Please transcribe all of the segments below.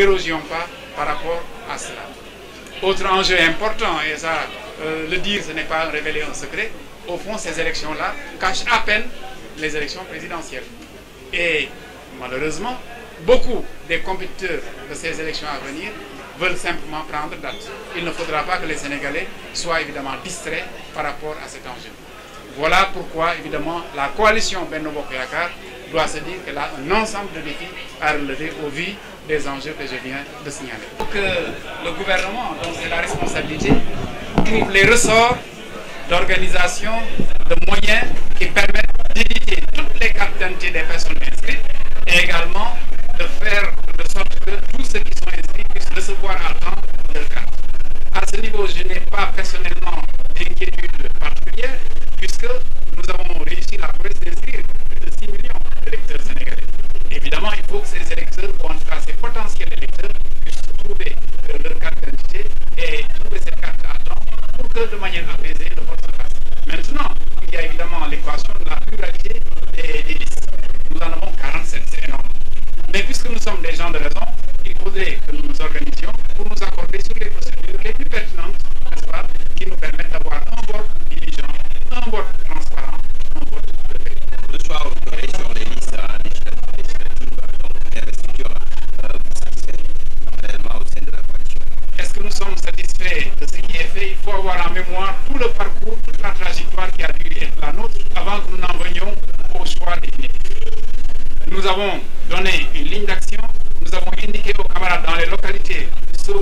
n'érosions pas par rapport à cela. Autre enjeu important, et ça, euh, le dire, ce n'est pas révélé un secret, au fond, ces élections-là cachent à peine les élections présidentielles. Et malheureusement, beaucoup des compétiteurs de ces élections à venir veulent simplement prendre date. Il ne faudra pas que les Sénégalais soient évidemment distraits par rapport à cet enjeu. Voilà pourquoi, évidemment, la coalition Benno Bokoyakar doit se dire qu'elle a un ensemble de défis à relever au vu des enjeux que je viens de signaler. Que le gouvernement, dont c'est la responsabilité, trouve les ressorts d'organisation, de moyens qui permettent d'éviter toutes les quantités des personnes inscrites et également de faire de sorte que tous ceux qui sont inscrits puissent recevoir à temps leur carte. À ce niveau, je n'ai pas personnellement d'inquiétude particulière puisque nous de manière apaisée de votre se Maintenant, il y a évidemment l'équation de la pluralité des, listes. Nous en avons 47, c'est énorme. Mais puisque nous sommes des gens de raison, il faudrait que nous nous organisions pour nous accorder sur les procédures. avoir en mémoire tout le parcours, toute la trajectoire qui a dû être la nôtre avant que nous n'en venions au choix définitif. Nous avons donné une ligne d'action, nous avons indiqué aux camarades dans les localités sur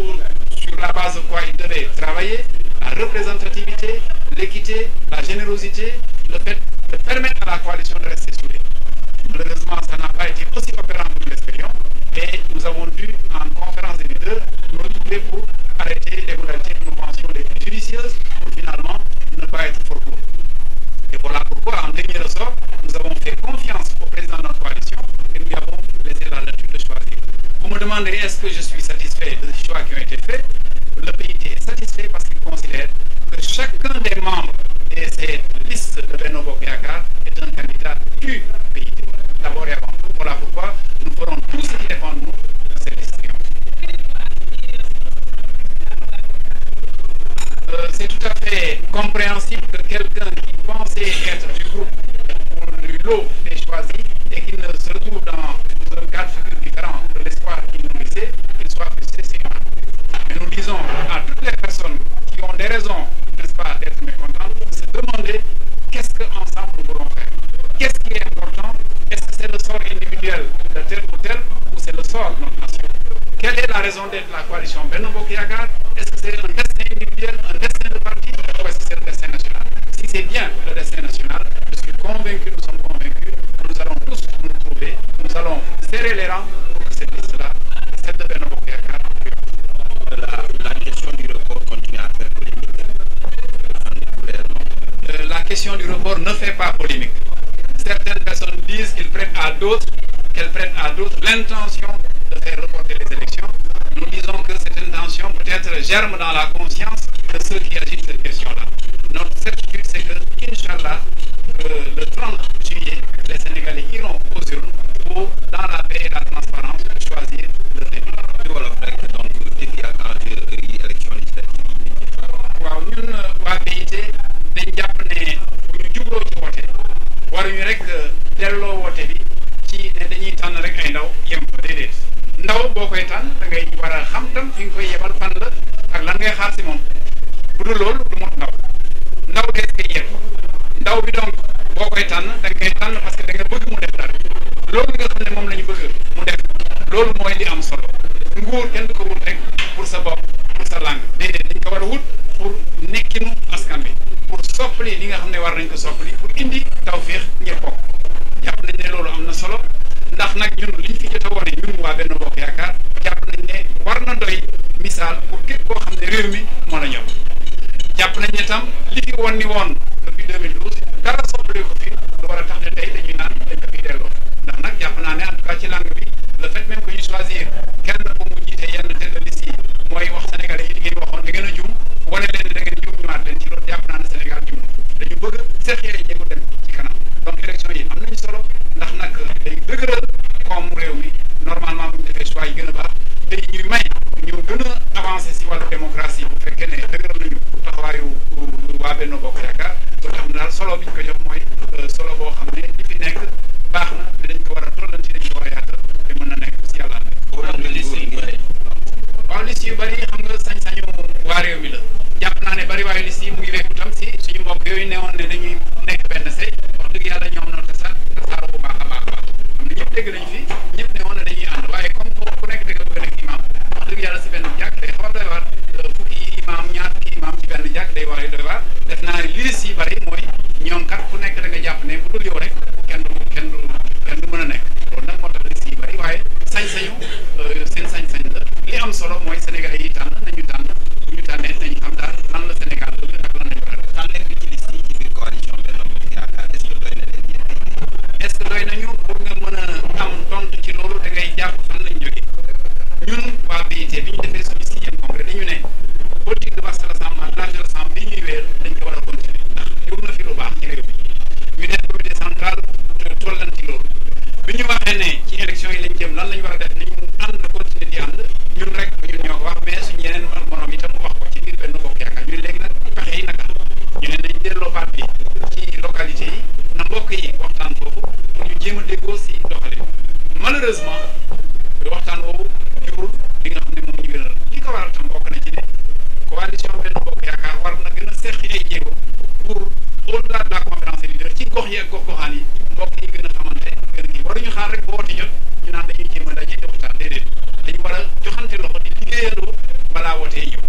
la base de quoi ils devaient travailler, la représentativité, l'équité, la générosité, le fait de permettre à la coalition de rester soudée. Malheureusement, ça n'a pas été aussi opérant que nous l'espérions et nous avons dû, en conférence des leaders, nous retrouver pour arrêter les modalités de convention les plus judicieuses pour finalement ne pas être fort court. Et voilà pourquoi, en dernier ressort, nous avons fait confiance au président de notre coalition et nous avons laissé la nature de choisir. Vous me demandez est-ce que je suis satisfait des choix qui ont été faits Le PIT est satisfait parce qu'il considère que chacun des membres de cette liste de Renault Péacar est un candidat du être du groupe, pour lui l'eau est choisi et qu'il ne se retrouve dans un cadre futur différent de l'espoir qu'il nous qu'il soit plus Mais nous disons à toutes les personnes qui ont des raisons, n'est-ce pas, d'être mécontentes, de se demander qu'est-ce qu'ensemble nous voulons faire. Qu'est-ce qui est important Est-ce que c'est le sort individuel de tel ou tel ou c'est le sort de notre nation Quelle est la raison d'être la coalition Benobo Kiagar Est-ce que c'est un destin individuel, bien le destin national. Je suis convaincu, nous sommes convaincus, nous allons tous nous trouver, nous allons serrer les rangs pour que cette liste-là, celle de euh, la, la, question du report continue à faire polémique. Euh, la question du report ne fait pas polémique. Certaines personnes disent qu'ils prennent à d'autres, qu'elles prennent à d'autres l'intention de faire reporter les élections nous disons que c'est une tension peut-être germe dans la conscience de ceux qui agissent cette question-là. Notre certitude, c'est que, Inch'Allah, euh, le 30 juillet, les Sénégalais iront aux urnes pour, dans la paix et la transparence, choisir le thème. Voilà, donc, euh, élection législative. Euh, dañ jàpp ne bu ñu jubloo ci woote waruñu rek euh, delloo woote bi ci ne dañuy tànn rek ay ndaw yem fa déedéet ndaw boo koy tànn da ngay war a xam tam fi nga koy yebal fan la ak lan ngay xaar si moom bu dul loolu du mot ndaw ndaw dees koy yeb ndaw bi donc boo koy tànn da ngay tànn parce que da nga bëgg mu def dara loolu nga xam ne moom la ñu bëgg mu def loolu mooy li am solo nguur kenn du ko wut rek pour sa bopp pour sa langue déedéet dañ ko war a wut pour nekkinu askan bi pour soppali li nga xam ne war nañ ko soppali pour indi tawféex ñëpp bokk jàpp nañ ne loolu am na solo ndax nag ñun nañ ne tam li fi woon ni woon depuis 2012 dara soppali ko fi lu war a tax ne tey dañuy naan dañ ko fiy delloo ndax nag jàpp naa ne en tout ci langue bi le fait même que yu bëri xam nga sañ-sañu waa réew jàpp naa ne bëri waayu liste yi mu ngi wekku tam si suñu mbokk yooyu newoon ne dañuy nekk benn sëy wax dëgg yàlla ñoom noonu tasaar tasaaroo bu baax a baax a baax xam ne ñëpp nañu fi Hoje que vai ser jéego pour au-delà de la conférence des leaders ci gox yeeg gox goxaan yi mbokk yi gën a xamante gën a kii waruñu xaar rek boo woote jot ñu naan dañuy jéem a daje di waxtaan déedéet dañu war a joxante loxo di liggéeyandoo balaa wootee ñëw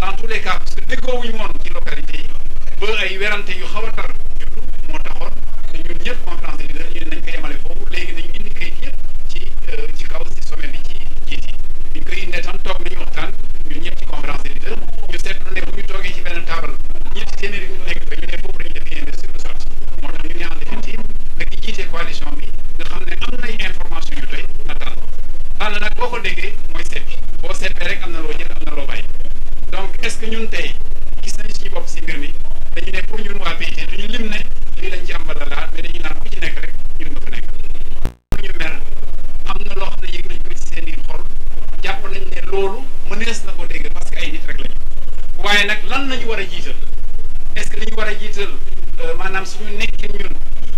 dans tous les cas parce que déggoowuñu woon ci localité yi ba ay werante yu xaw a moo taxoon te ñun ñëpp conférence suñu nekkin ñun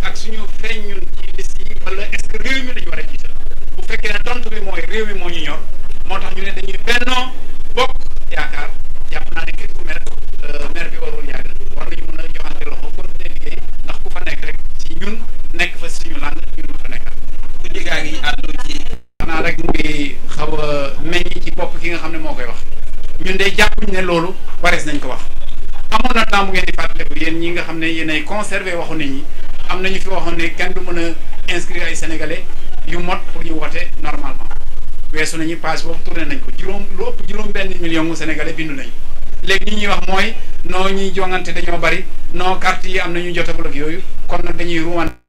ak suñu feeñ ñun ci liste yi wala est réew mi la ñu war a jiital bu fekkee ne tontu bi mooy réew mi moo ñu ñor moo tax ñu ne dañuy bennoo bokk yaakaar jàpp naa ne képp ku mer euh, mer bi warul yàgg war nañu mën a joxante loxo kon te liggéey ndax ku fa nekk rek ci ñun nekk fa suñu làng ñun fa nekkal. ku njëkkaa ngi àddu ci. xanaa rek muy xaw a meññ ci bopp ki nga xam ne moo koy wax ñun day jàppuñ ne loolu warees nañ ko wax. xam naa mu ngeen di fàttaliku yéen ñi nga xam ne yéen ay conservé waxu nit na am nañu fi waxoon ne kenn du mën a inscrire ay sénégalais yu mot pour ñu wote normalement weesu nañu page boobu tourné nañ ko juróom lu juróom benn million mu sénégalais bindu nañu léegi ñi ñuy wax mooy noo ñuy jongante dañoo bari noo carte yi am na nañu jotagul ak yooyu kon nag dañuy ruwan